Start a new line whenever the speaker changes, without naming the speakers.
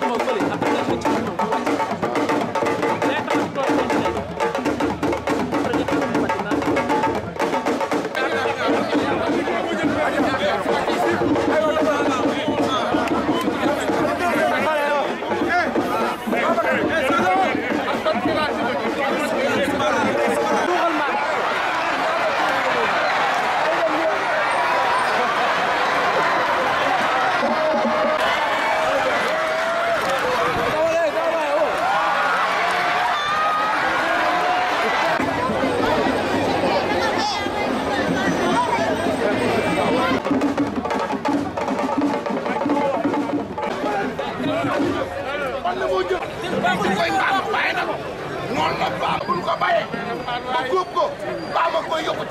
Come on,
mbaam la moo jëm ku koy mbaam bàyyi na ko noonu la mbaam ba góob ko mbaam a koy yóbbu